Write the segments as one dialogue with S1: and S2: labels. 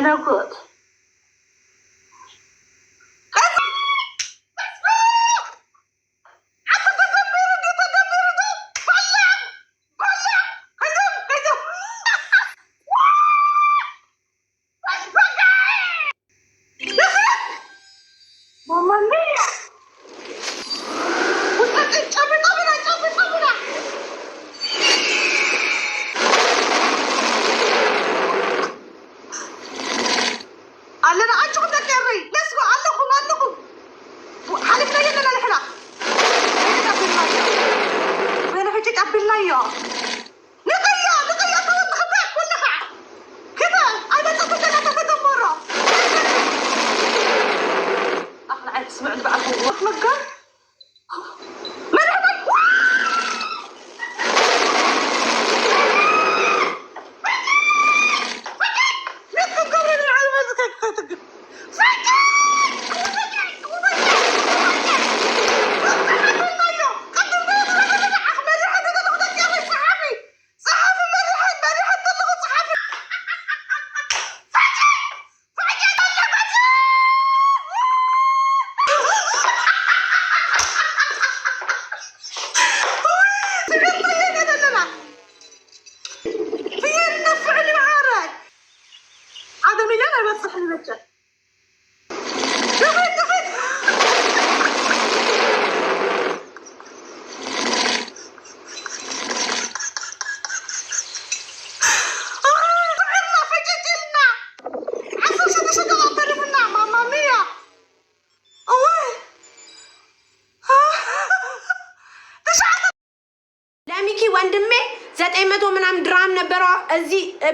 S1: no good.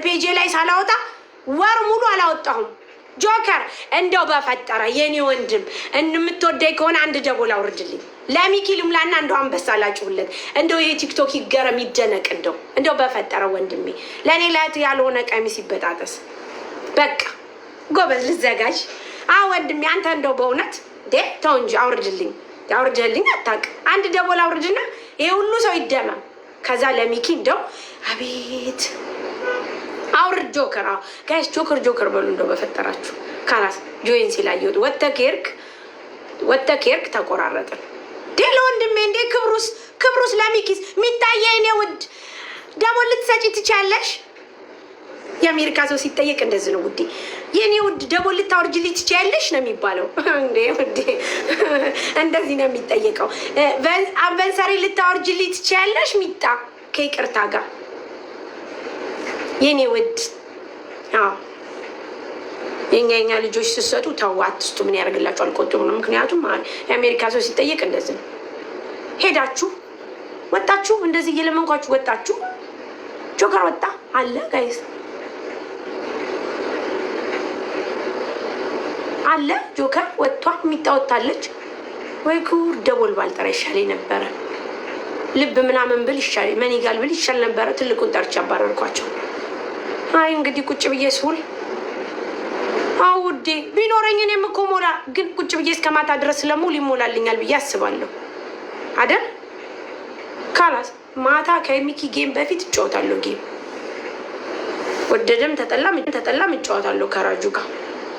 S1: ፔጄ ላይ ሳላወጣ ወር ሙሉ አላወጣሁም። ጆከር እንደው በፈጠረ የኔ ወንድም እንደምትወደኝ ከሆነ አንድ ደቦል አውርድልኝ። ለሚኪ ልምላና እንደው አንበሳ ላጭሁለት። እንደው ይሄ ቲክቶክ ይገረም ይደነቅ። እንደው እንደው በፈጠረ ወንድሜ ለእኔ ለት ያልሆነ ቀሚስ ይበጣጠስ። በቃ ጎበዝ ልዘጋጅ። አዎ ወንድሜ አንተ እንደው በእውነት ዴ ተው እንጂ አውርድልኝ፣ አውርድልኝ አታውቅም። አንድ ደቦል አውርድና ይሄ ሁሉ ሰው ይደመም። ከዛ ለሚኪ እንደው አቤት አውር ጆከር ጋይስ፣ ጆከር ጆከር በሉ እንደው በፈጠራችሁ። ካላስ ጆይን ሲላየሁት ወጥተህ ኬርክ ወጥተህ ኬርክ ተቆራረጥን። ዴሎ ወንድሜ እንዴ! ክብሩስ ክብሩስ ለሚኪስ ሚታየ እኔ ውድ ደግሞ ልትሰጪ ትችያለሽ። የአሜሪካ ሰው ሲጠየቅ እንደዚህ ነው ውዴ፣ የእኔ ውድ ደግሞ ልታወርጅልኝ ትችያለሽ ነው የሚባለው። እንዴ ውዴ፣ እንደዚህ ነው የሚጠየቀው። አንበንሳሪ ልታወርጅልኝ ትችያለሽ ሚጣ ከይቅርታ ጋር የኔ ውድ የኛ የኛ ልጆች ስትሰጡ ተው አትስጡ። ምን ያደርግላቸዋል? አልቆጥሩ ነው። ምክንያቱም የአሜሪካ ሰው ሲጠየቅ እንደዚህ ነው። ሄዳችሁ ወጣችሁ፣ እንደዚህ እየለመንኳችሁ ወጣችሁ፣ ጆከር ወጣ አለ ጋይስ አለ ጆከር ወጥቷል። የሚጣወታለች ወይ ክቡር ደቦል ባልጠራ ይሻል ነበረ። ልብ ምናምን ብል ይሻል መኒጋል ብል ይሻል ነበረ። ትልቁን ጠርቻ አባረርኳቸው። አይ እንግዲህ ቁጭ ብዬ ስውል አውዴ ቢኖረኝ እኔም እኮ ሞላ ግን ቁጭ ብዬ እስከ ማታ ድረስ ለሙል ይሞላልኛል ብዬ አስባለሁ አደል ካላስ ማታ ከሚኪ ጌም በፊት እጫወታለሁ። ጌም ወደደም ተጠላም ተጠላም እጫወታለሁ ከራጁ ጋር።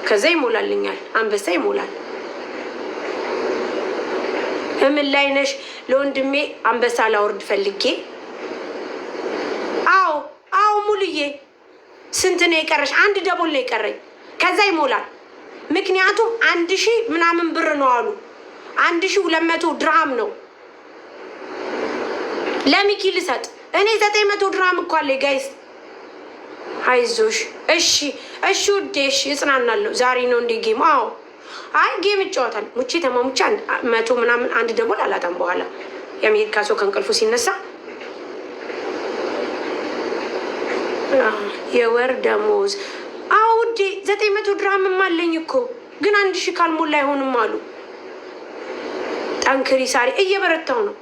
S1: ከዛ ይሞላልኛል፣ አንበሳ ይሞላል። እምን ላይ ነሽ? ለወንድሜ አንበሳ ላወርድ ፈልጌ። አዎ አዎ ሙሉዬ ስንት ነው የቀረሽ? አንድ ደቡል ነው የቀረኝ። ከዛ ይሞላል። ምክንያቱም አንድ ሺ ምናምን ብር ነው አሉ። አንድ ሺ ሁለት መቶ ድራም ነው ለሚኪ ልሰጥ። እኔ ዘጠኝ መቶ ድራም እኮ አለኝ። ጋይስ አይዞሽ። እሺ እሺ ውዴ እሺ፣ እጽናናለሁ። ዛሬ ነው እንዴ ጌም? አዎ አይ ጌም እጫወታል። ሙቼ ተማሙቼ መቶ ምናምን አንድ ደቡል አላጣም። በኋላ የአሜሪካ ሰው ከእንቅልፉ ሲነሳ የወር ደሞዝ አውዴ ዘጠኝ መቶ ድራምም አለኝ እኮ ግን አንድ ሺ ካልሞላ አይሆንም አሉ። ጠንክሪ ሳሪ፣ እየበረታው ነው።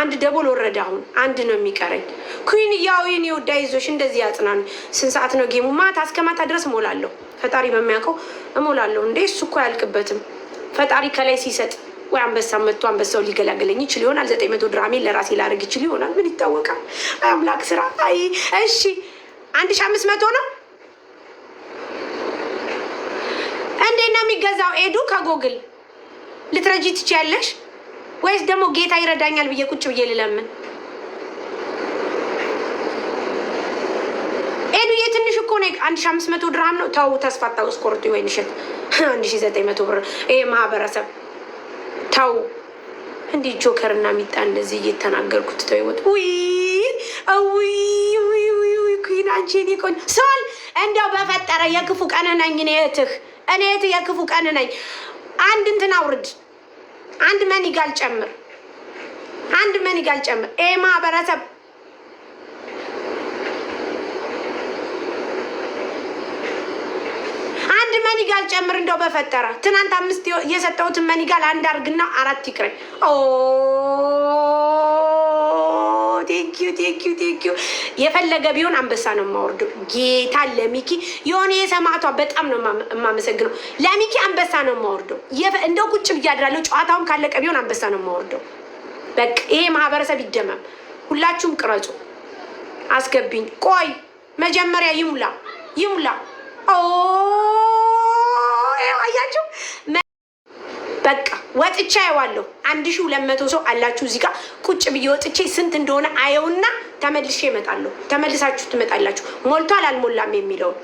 S1: አንድ ደቦል ወረደ። አሁን አንድ ነው የሚቀረኝ። ኩን ያው ይህን የወዳ ይዞሽ እንደዚህ ያጽናን። ስንት ሰዓት ነው ጌሙ? ማታ እስከ ማታ ድረስ እሞላለሁ። ፈጣሪ በሚያውቀው እሞላለሁ። እንዴ እሱ እኮ አያልቅበትም። ፈጣሪ ከላይ ሲሰጥ ወይ አንበሳ መጥቶ አንበሳው ሊገላገለኝ ይችል ይሆናል። ዘጠኝ መቶ ድራሜን ለራሴ ላደርግ ይችል ይሆናል። ምን ይታወቃል? አምላክ ስራ። አይ እሺ፣ አንድ ሺ አምስት መቶ ነው። እንዴት ነው የሚገዛው? ኤዱ ከጎግል ልትረጂ ትችያለሽ ወይስ ደግሞ ጌታ ይረዳኛል ብዬ ቁጭ ብዬ ልለምን? ኤዱዬ ትንሽ እኮ ነው። አንድ ሺ አምስት መቶ ድርሃም ነው። ተው ተስፋ ታውስ ኮርቱ ወይንሸት አንድ ሺ ዘጠኝ መቶ ብር ይሄ ማህበረሰብ ተው እንዲህ ጆከር እና ሚጣ እንደዚህ እየተናገርኩት ተይወት ውይ ኩን አንቺ ኔ ቆን ሶል እንደው በፈጠረ የክፉ ቀን ነኝ እኔ እህትህ እኔ እህትህ የክፉ ቀን ነኝ። አንድ እንትን አውርድ፣ አንድ መኒጋል ጨምር፣ አንድ መኒጋል ጨምር። ይሄ ማህበረሰብ መኒጋል ጨምር እንደው በፈጠረ ትናንት አምስት የሰጠሁትን መኒጋል አንድ አርግና አራት ይቅረኝ። ቴንኪዩ ቴንኪዩ ቴንኪዩ። የፈለገ ቢሆን አንበሳ ነው የማወርደው። ጌታ ለሚኪ የሆነ የሰማዕቷ በጣም ነው የማመሰግነው። ለሚኪ አንበሳ ነው የማወርደው። እንደው ቁጭ ብዬ አድራለሁ። ጨዋታውን ካለቀ ቢሆን አንበሳ ነው የማወርደው። በቃ ይሄ ማህበረሰብ ይደመም። ሁላችሁም ቅረጹ፣ አስገቢኝ። ቆይ መጀመሪያ ይሙላ ይሙላ አያችሁ። በቃ ወጥቼ አየዋለሁ። አንድ ሺ ሁለት መቶ ሰው አላችሁ እዚህ ጋር ቁጭ ብዬ ወጥቼ ስንት እንደሆነ አየውና ተመልሼ እመጣለሁ። ተመልሳችሁ ትመጣላችሁ። ሞልቷል አልሞላም የሚለውን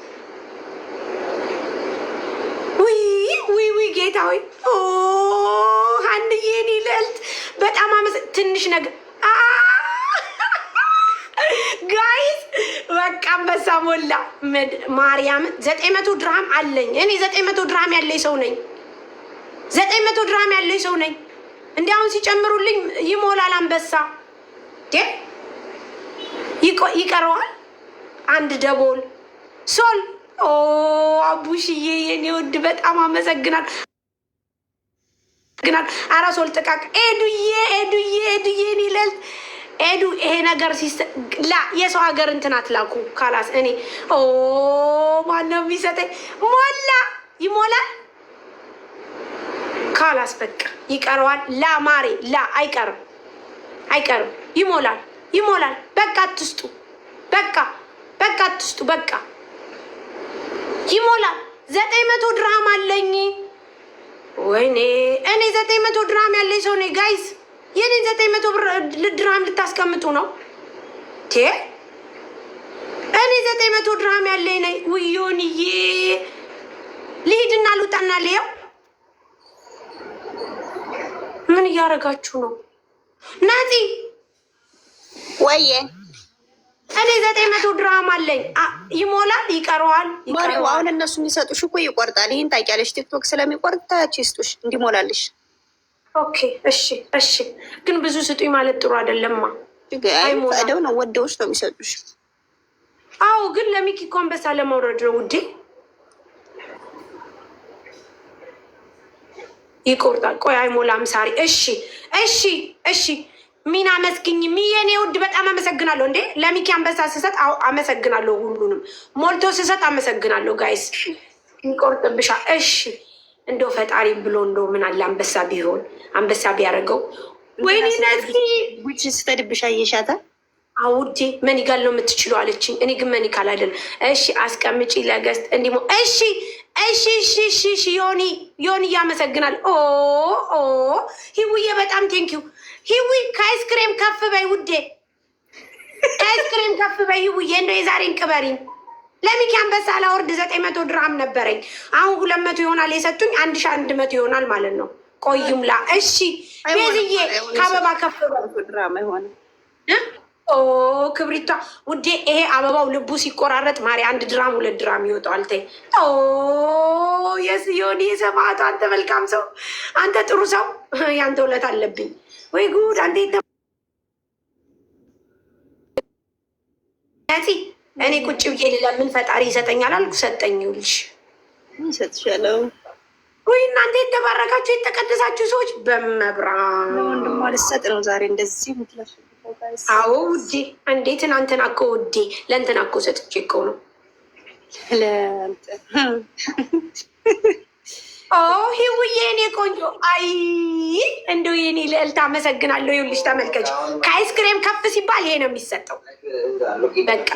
S1: ውይ ጌታ ሆይ፣ አንድ እኔ ልዕልት በጣም አመሰ ትንሽ ነገር አንበሳ ሞላ ማርያም ዘጠኝ መቶ ድራም አለኝ። እኔ ዘጠኝ መቶ ድራም ያለኝ ሰው ነኝ። ዘጠኝ መቶ ድራም ያለኝ ሰው ነኝ። እንዲ አሁን ሲጨምሩልኝ ይሞላል። አንበሳ ይቀረዋል። አንድ ደቦል ሶል። ኦ አቡሽዬ የኔ ወድ በጣም አመሰግናል ግናል አራሶል ጥቃቅ ኤዱዬ ኤዱዬ ኤዱዬ ኒለል ኤዱ ይሄ ነገር ላ የሰው ሀገር እንትናት ላኩ ካላስ እኔ ኦ ማነው የሚሰጠኝ? ሞላ ይሞላል። ካላስ በቃ ይቀረዋል። ላ ማሬ ላ አይቀርም፣ አይቀርም። ይሞላል፣ ይሞላል። በቃ አትስጡ፣ በቃ በቃ አትስጡ፣ በቃ ይሞላል። ዘጠኝ መቶ ድራም አለኝ። ወይኔ እኔ ዘጠኝ መቶ ድራም ያለኝ ሰው ነኝ ጋይስ የኔን ዘጠኝ መቶ ብር ድርሃም ልታስቀምጡ ነው? ቴ እኔ ዘጠኝ መቶ ድርሃም ያለኝ ነኝ። ውዮንዬ ልሂድና ልውጣና ልየው። ምን እያደረጋችሁ ነው? ናቲ ወየ እኔ ዘጠኝ መቶ ድራም አለኝ። ይሞላል፣ ይቀረዋል። አሁን እነሱ የሚሰጡሽ እኮ ይቆርጣል። ይህን ታውቂያለሽ። ቲክቶክ ስለሚቆርጥ ታያቸው ይስጡሽ እንዲሞላልሽ ኦኬ እሺ እሺ። ግን ብዙ ስጡኝ ማለት ጥሩ አይደለማ። ፈቅደው ነው ወደውሽ ነው የሚሰጡሽ። አዎ፣ ግን ለሚኪ እኮ አንበሳ ለማውረድ ነው ውዴ። ይቆርጣል። ቆይ አይሞላም። ሳሪ እሺ እሺ እሺ። ሚና አመስግኝ ሚየኔ ውድ በጣም አመሰግናለሁ። እንዴ ለሚኪ አንበሳ ስሰጥ አመሰግናለሁ። ሁሉንም ሞልቶ ስሰጥ አመሰግናለሁ። ጋይስ ይቆርጥብሻል። እሺ እንደው ፈጣሪ ብሎ እንደው ምን አለ አንበሳ ቢሆን አንበሳ ቢያደርገው። ወይኔ ነፂ ውጭ ስፈድብሻ እየሻታ አውዴ መኒጋል ነው የምትችሉ አለችኝ። እኔ ግን መኒ ካላደል እሺ አስቀምጪ ለገስት እንዲሞ እሺ እሺ እሺ እሺ እሺ ዮኒ ዮኒ እያመሰግናል። ኦ ኦ ሂዊዬ በጣም ቴንኪዩ ሂዊ። ከአይስክሬም ከፍ በይ ውዴ፣ ከአይስክሬም ከፍ በይ ሂዊዬ። እንደው የዛሬን ቅበሪኝ ለሚኪ አንበሳ ላወርድ ዘጠኝ መቶ ድራም ነበረኝ። አሁን ሁለት መቶ ይሆናል የሰጡኝ፣ አንድ ሺ አንድ መቶ ይሆናል ማለት ነው። ቆዩም ላ እሺ፣ ቤዝዬ ከአበባ ከፍ ክብሪቷ ውዴ፣ ይሄ አበባው ልቡ ሲቆራረጥ ማሪ አንድ ድራም ሁለት ድራም ይወጣዋል። ተይ የስዮን የሰማዕቱ አንተ መልካም ሰው፣ አንተ ጥሩ ሰው፣ ያንተ ውለት አለብኝ ወይ ጉድ አንተ እኔ ቁጭ ብዬ ሌላ ምን ፈጣሪ ይሰጠኛል አልኩ፣ ሰጠኝ። ይኸውልሽ ይሰጥሻለው። ወይ እናንተ የተባረካችሁ የተቀደሳችሁ ሰዎች በመብራን ወንድሟ ልሰጥ ነው ዛሬ እንደዚህ ምትለሽ። አዎ ውዴ፣ እንዴ ትናንትና አኮ ውዴ ለእንትና አኮ ሰጥቼ እኮ ነው ኦ ሂውዬ፣ እኔ ቆንጆ አይ እንደው የኔ ልዕልት አመሰግናለሁ። ይኸውልሽ ተመልከች፣ ከአይስክሬም ከፍ ሲባል ይሄ ነው የሚሰጠው። በቃ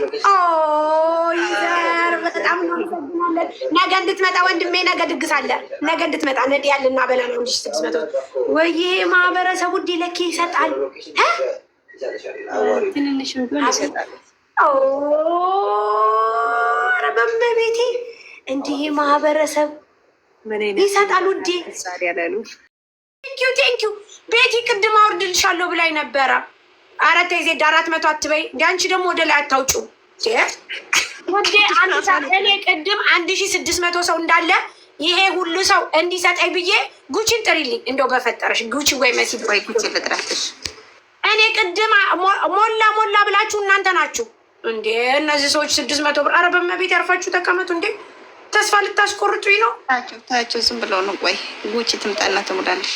S1: ይዘር በጣም እናመሰግናለን። ነገ እንድትመጣ ወንድሜ፣ ነገ ድግስ አለ። ነገ እንድትመጣ ነድ ያልና በላ ነው ልሽ ስድስት መቶ ወይ ይሄ ማህበረሰቡ ዲለኬ ይሰጣል። ትንንሽ ይሰጣል። ኧረ በመቤቴ እንዲህ ማህበረሰብ ይሰጣል ውዴ ቴንኪዩ ቴንኪዩ ቤቲ ቅድም አውርድልሻለሁ ብላይ ነበረ። አራት ዜድ አራት መቶ አትበይ እንደ ደግሞ ወደ ላይ አታውጩ ወዴ አንሳ እኔ ቅድም አንድ ሺ ስድስት መቶ ሰው እንዳለ ይሄ ሁሉ ሰው እንዲሰጠኝ ብዬ ጉቺን ጥሪልኝ እንደው በፈጠረሽ ጉቺ ወይ መሲ ወይ ጉቺ ልጥራትሽ። እኔ ቅድም ሞላ ሞላ ብላችሁ እናንተ ናችሁ እንዴ እነዚህ ሰዎች ስድስት መቶ ብር። ኧረ በመቤት ያርፋችሁ ተቀመጡ እንዴ ተስፋ ልታስቆርጡኝ ነው። ታቸው ታቸው ዝም ብለው ነው። ቆይ ጉቺ ትምጣና ትሙዳለሽ።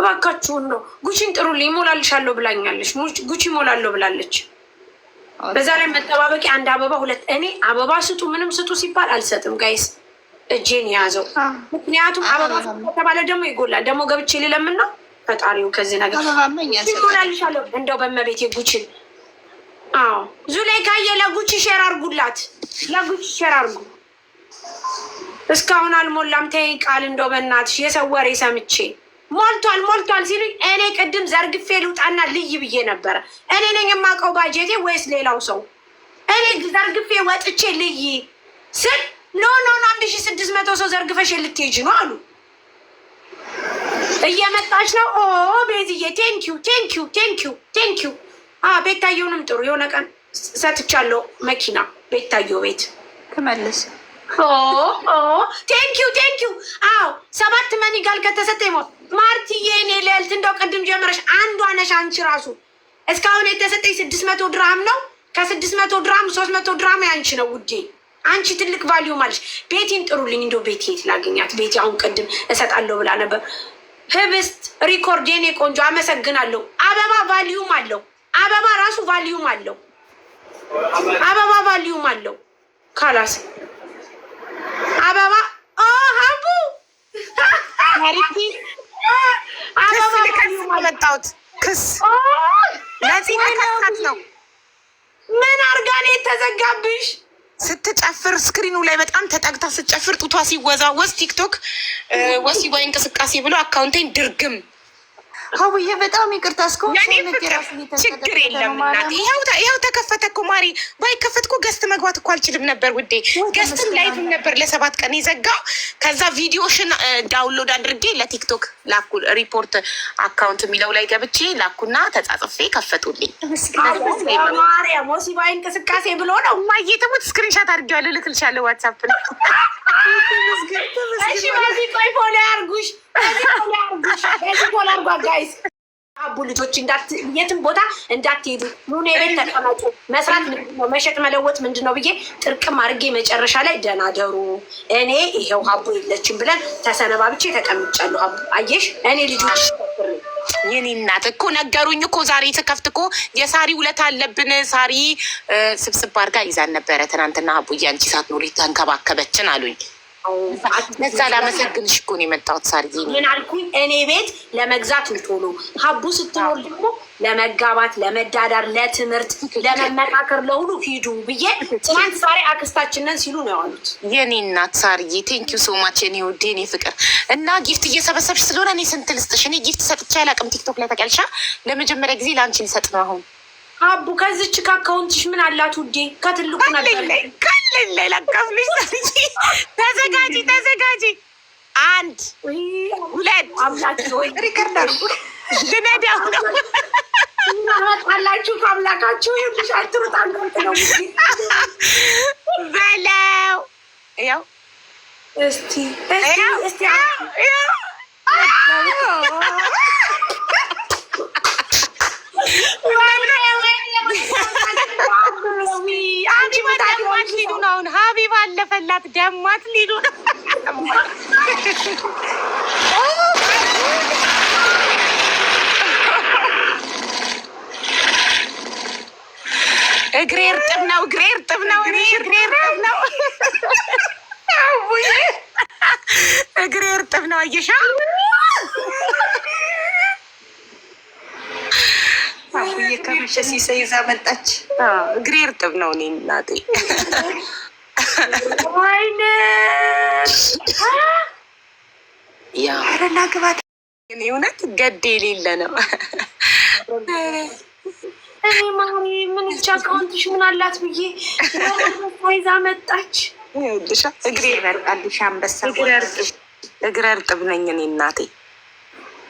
S1: እባካችሁን ነው ጉቺን ጥሩልኝ፣ ይሞላልሻለሁ ብላኛለች። ጉቺ ይሞላለሁ ብላለች። በዛ ላይ መጠባበቂ አንድ አበባ ሁለት እኔ አበባ ስጡ ምንም ስጡ ሲባል አልሰጥም ጋይስ እጄን የያዘው ምክንያቱም አበባ ከተባለ ደግሞ ይጎላል። ደግሞ ገብቼ ልለምና ፈጣሪው ከዚህ ነገር ይጎላልሻለሁ። እንደው በመቤት ጉችን አዎ ዙሌካዬ ለጉቺ ሼር አርጉላት፣ ለጉቺ ሼር አርጉ። እስካሁን አልሞላም። ተይ ቃል እንደው በእናትሽ የሰው ወሬ ሰምቼ ሞልቷል ሞልቷል ሲሉኝ እኔ ቅድም ዘርግፌ ልውጣና ልይ ብዬ ነበረ። እኔ ነኝ የማውቀው ባጀቴ ወይስ ሌላው ሰው? እኔ ዘርግፌ ወጥቼ ልይ ስል ኖ ኖ አንድ ሺ ስድስት መቶ ሰው ዘርግፈሽ ልትሄጂ ነው አሉ። እየመጣች ነው። ኦ ቤዝዬ ቴንኪዩ ቴንኪዩ ቴንኪዩ ቴንኪዩ። ቤታየውንም ጥሩ የሆነ ቀን ሰጥቻለሁ መኪና ቤታየው ቤት ትመልስ ቴንኪዩ ቴንኪዩ። አዎ ሰባት መኒጋል ከተሰጠ ይሞት ማርትዬ እኔ ልዕልት እንደው ቅድም ጀምረሽ አንዷ ነሽ አንቺ ራሱ እስካሁን የተሰጠኝ ስድስት መቶ ድራም ነው። ከስድስት መቶ ድራም ሶስት መቶ ድራም ያንቺ ነው ውዴ። አንቺ ትልቅ ቫሊዩ ማለሽ። ቤቲን ጥሩልኝ እንደው ቤቲ የት ላገኛት? ቤቲ አሁን ቅድም እሰጣለሁ ብላ ነበር። ህብስት ሪኮርድ የኔ ቆንጆ አመሰግናለሁ። አበባ ቫሊዩም አለው። አበባ ራሱ ቫሊዩም አለው። አበባ ቫሊዩም አለው። ካላስ አበባ ሀቡ ክስ ልከስ መጣሁት። ክስ ለጽናት ነው። ምን አርጋ ነው የተዘጋብሽ? ስትጨፍር ስክሪኑ ላይ በጣም ተጠግታ ስትጨፍር ጡቷ ሲወዛወዝ ቲክቶክ ወሲባዊ እንቅስቃሴ ብሎ አካውንቴን ድርግም ሀውዬ በጣም ይቅርታ ችግር የለም እናቴ። ይኸው ተከፈተ እኮ ማሪ። ባይከፈት እኮ ገስት መግባት እኮ አልችልም ነበር ውዴ። ገስትም ላይቭም ነበር ለሰባት ቀን የዘጋው። ከዛ ቪዲዮሽን ዳውንሎድ አድርጌ ለቲክቶክ ላኩ። ሪፖርት አካውንት የሚለው ላይ ገብቼ ላኩና ተጻጽፌ ከፈቱልኝ። ወሲባዊ እንቅስቃሴ ብሎ ነው እማዬ ትሙት። ስክሪንሻት አድርጌዋለሁ፣ ልክልሻለሁ ዋትሳፕ ነው። እሺ በዚህ ቆይ ፎሎ ያርጉሽ አቡ ልጆች የትም ቦታ እንዳትሄዱ፣ ኑኑ የቤት ተቀመጡ። መስራት ምንድነው መሸጥ መለወጥ ምንድነው ብዬ ጥርቅም አድርጌ መጨረሻ ላይ ደናደሩ እኔ ይሄው ሀቡ የለችም ብለን ተሰነባብቼ ተቀምጫለሁ። ሀቡ አየሽ፣ እኔ ልጆች የኔ እናት እኮ ነገሩኝ እኮ ዛሬ ትከፍት እኮ የሳሪ ውለት አለብን። ሳሪ ስብስብ አድርጋ ይዛን ነበረ ትናንትና። ሀቡ እያንቺ ሳትኖሪ ተንከባከበችን አሉኝ። ነጻ ላመሰግንሽ እኮ ነው የመጣሁት። ምን አልኩኝ? እኔ ቤት ለመግዛት ሀቡ ስትኖር ደግሞ ለመጋባት፣ ለመዳዳር፣ ለትምህርት፣ ለመመካከር ለሁሉ ሂዱ ብዬ ትናንት ዛሬ አክስታችንን ሲሉ ነው ያሉት። የኔ እናት ሶማች የኔ የኔ ፍቅር እና ጊፍት እየሰበሰብሽ ስለሆነ እኔ ስንት ልስጥሽ? እኔ ጊፍት ሰጥቼ ቲክቶክ ላይ ተቀልሻ ለመጀመሪያ ጊዜ ለአንቺ ልሰጥ ነው አሁን አቡ ከዚች ከአካውንትሽ ምን አላት ውዴ? ከትልቁ ነገርለ ለቀፍልሽ ተዘጋጂ ተዘጋጂ። አንድ ሁለት ሪከርድ ልነዳው ነው አላችሁ ከአምላካችሁ ሻትሩት አንድ ነው በለው ያው እስቲ እስቲ እስቲ ሮሚ ሀቢብ ታዲዋን ሊሉ ነው። አሁን ሀቢብ አለፈላት ደማት ሊሉ ነው። እግሬ እርጥብ ነው፣ እግሬ እርጥብ ነው፣ እኔ እግሬ እርጥብ ነው፣ እግሬ እርጥብ ነው። አየሻ ብዬ ከምሸ ሲሰይ ይዛ መጣች። እግሬ እርጥብ ነው። እኔ እናቴ ወይኔ ያረና ግባት እኔ እውነት ገድ የሌለ ነው። እኔ ማሪ ምን እጅ አካውንትሽ ምን አላት ብዬ ይዛ መጣች። እግሬ እርጥብ ነኝ እኔ እናቴ።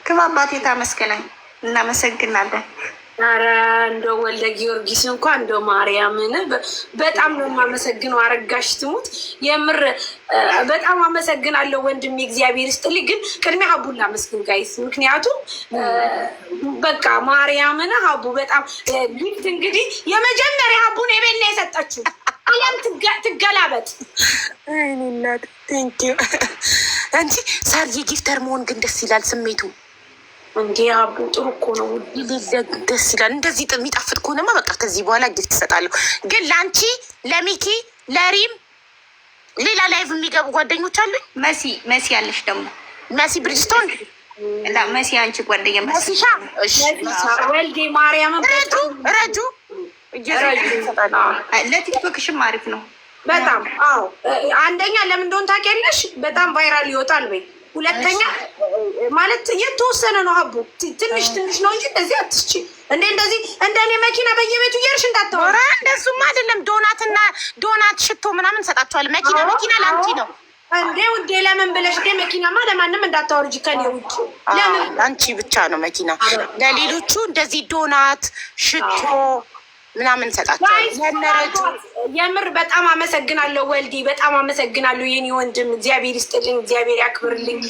S1: ግባ አባቴ ታመስገናኝ። እናመሰግናለን። ኧረ እንደ ወልደ ጊዮርጊስ እንኳን እንደው ማርያምን በጣም ነው የማመሰግነው። አረጋሽ ትሙት የምር በጣም አመሰግናለሁ ወንድሜ፣ እግዚአብሔር ይስጥልኝ። ግን ቅድሚያ ሀቡን ላመስግን ጋይስ፣ ምክንያቱም በቃ ማርያምን ሀቡ በጣም ግልት እንግዲህ የመጀመሪያ ሀቡን የቤና የሰጠችው አለም ትገላበጥ እናት ንኪ እንጂ ሳር የጊፍተር መሆን ግን ደስ ይላል ስሜቱ እንዲ አቡ ጥሩ እኮ ነው። ደስ ይላል። እንደዚህ የሚጣፍጥ ከሆነማ በቃ ከዚህ በኋላ ጊፍት ትሰጣለሁ። ግን ለአንቺ፣ ለሚኪ፣ ለሪም ሌላ ላይቭ የሚገቡ ጓደኞች አሉኝ። መሲ መሲ አለሽ ደግሞ መሲ ብሪጅስቶን መሲ አንቺ ጓደኛ መሲሻ ወልዴ ማርያም ረጁ ረጁ ለቲክቶክሽም አሪፍ ነው በጣም አዎ። አንደኛ ለምን እንደሆነ ታውቂያለሽ? በጣም ቫይራል ይወጣል ወይ ሁለተኛ ማለት የተወሰነ ነው። ሀቡ ትንሽ ትንሽ ነው እንጂ እንደዚህ አትስቺ እንዴ እንደዚህ እንደ እኔ መኪና በየቤቱ እየርሽ እንዳታወራ። እንደሱም አይደለም። ዶናትና ዶናት ሽቶ ምናምን ሰጣቸዋል መኪና መኪና ለአንቺ ነው እንዴ ውዴ። ለምን ብለሽ እንደ መኪናማ ለማንም እንዳታወርጅ ከኔ ውጭ ለምን አንቺ ብቻ ነው መኪና። ለሌሎቹ እንደዚህ ዶናት ሽቶ ምናምን ሰጣቸው። የምር በጣም አመሰግናለሁ ወልዲ፣ በጣም አመሰግናለሁ የኔ ወንድም። እግዚአብሔር ይስጥልኝ፣ እግዚአብሔር ያክብርልኝ።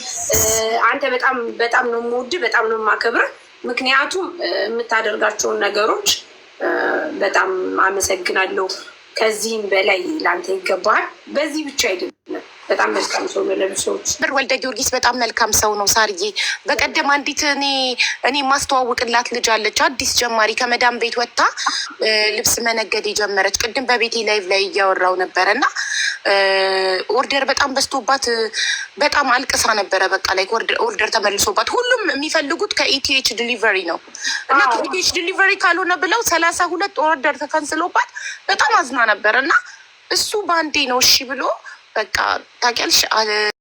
S1: አንተ በጣም በጣም ነው የምወድ፣ በጣም ነው የማከብር። ምክንያቱም የምታደርጋቸውን ነገሮች በጣም አመሰግናለሁ። ከዚህም በላይ ለአንተ ይገባል። በዚህ ብቻ አይደለም። በጣም መልካም ሰው ነው ለብሰዎች ብር ወልደ ጊዮርጊስ በጣም መልካም ሰው ነው። ሳርዬ በቀደም አንዲት እኔ እኔ ማስተዋውቅላት ልጅ አለች አዲስ ጀማሪ ከመዳም ቤት ወጥታ ልብስ መነገድ የጀመረች ቅድም በቤቴ ላይቭ ላይ እያወራው ነበረ እና ኦርደር በጣም በዝቶባት በጣም አልቅሳ ነበረ። በቃ ላይ ኦርደር ተመልሶባት ሁሉም የሚፈልጉት ከኢቲኤች ዲሊቨሪ ነው እና ከኢቲኤች ዲሊቨሪ ካልሆነ ብለው ሰላሳ ሁለት ኦርደር ተከንስሎባት በጣም አዝና ነበር እና እሱ በአንዴ ነው እሺ ብሎ በቃ ታውቂያለሽ